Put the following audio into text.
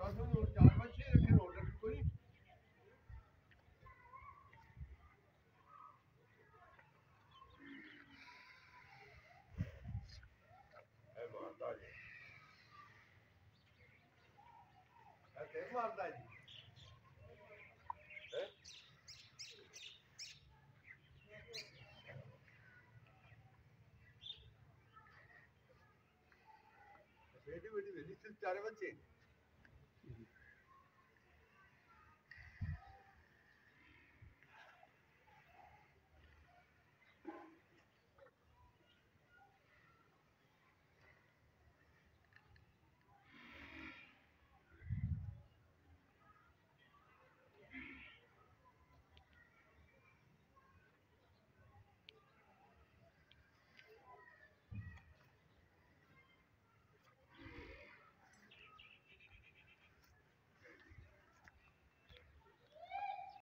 पास में चार पाँच छः रखे ऑर्डर कोई मारदा जी तेज मारदा जी बेटी बेटी बेटी सिर्फ चार बच्चे Mm-hmm.